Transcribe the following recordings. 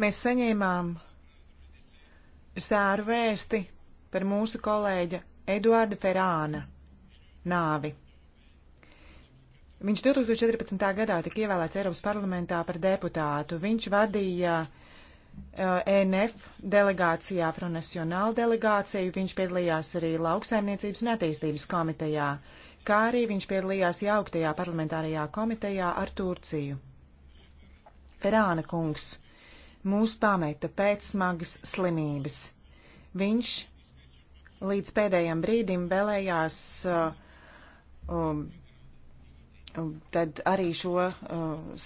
Mēs saņēmām sāru vēsti par mūsu kolēģa Eduarda Ferāna nāvi. Viņš 2014. gadā tika ievēlēts Eiropas parlamentā par deputātu. Viņš vadīja uh, eh, ENF delegācijā, Fronacionāla delegāciju, viņš piedalījās arī lauksaimniecības un attīstības komitejā, kā arī viņš piedalījās jauktajā parlamentārajā komitejā ar Turciju. Ferāna kungs mūs pameta pēc smagas slimības. Viņš līdz pēdējiem brīdim vēlējās uh, um, um, tad arī šo uh,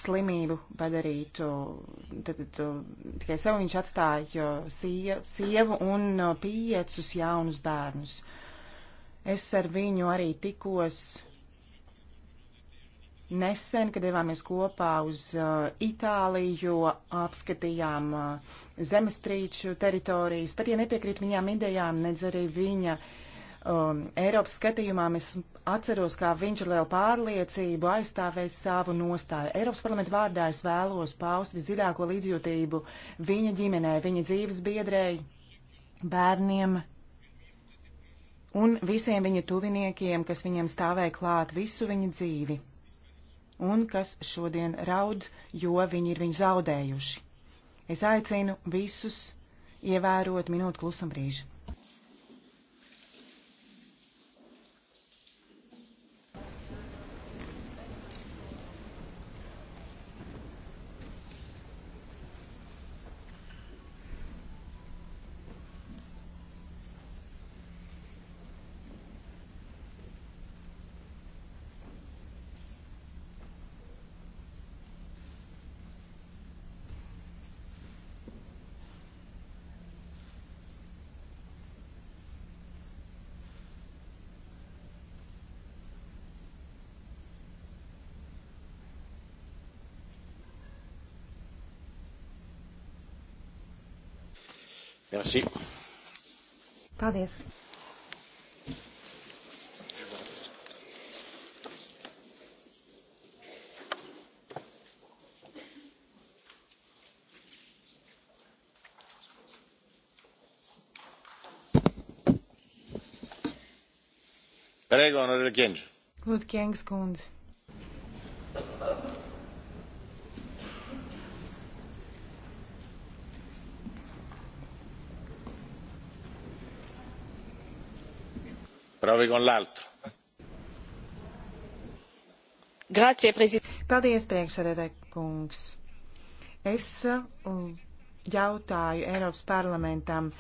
slimību padarīt, uh, tad, tad uh, tikai sev viņš atstāja uh, sie, sievu un uh, piecus jaunus bērnus. Es ar viņu arī tikos nesen, kad devāmies kopā uz uh, Itāliju, apskatījām uh, zemestrīču teritorijas. Pat ja nepiekrīt viņām idejām, nedz arī viņa um, Eiropas skatījumā, es atceros, kā viņš ar lielu pārliecību aizstāvēs savu nostāju. Eiropas parlamentu vārdā es vēlos paust visdziļāko līdzjūtību viņa ģimenē, viņa dzīves biedrēji, bērniem, un visiem viņa tuviniekiem, kas viņiem stāvēja klāt visu viņa dzīvi un kas šodien raud, jo viņi ir viņu zaudējuši. Es aicinu visus ievērot minūtu klusuma brīžu. Merci. Paldies. Lūdzu, Kiengs kundze. provi con l'altro. Grazie, prezident. Paldies, priekšsēdētāj kungs. Es um, jautāju Eiropas parlamentam,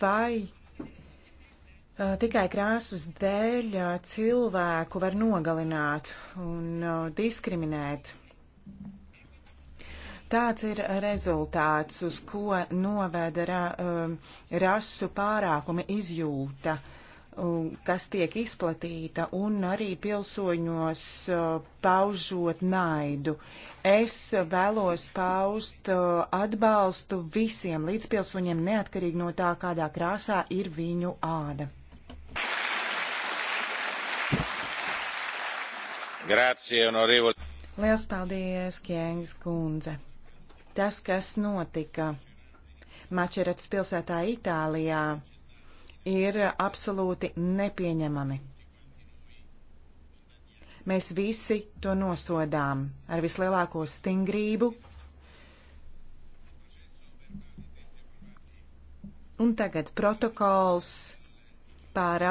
vai uh, Tikai krāsas dēļ uh, cilvēku var nogalināt un uh, diskriminēt. Tāds ir rezultāts, uz ko noveda ra, um, rasu pārākuma izjūta. Um, kas tiek izplatīta, un arī pilsoņos uh, paužot naidu. Es vēlos paust uh, atbalstu visiem līdzpilsoņiem, neatkarīgi no tā, kādā krāsā ir viņu āda. Grācie, honorīvo. Liels paldies, Kjēngas kundze. Tas, kas notika Mačerats pilsētā Itālijā ir absolūti nepieņemami. Mēs visi to nosodām ar vislielāko stingrību. Un tagad protokols pārā.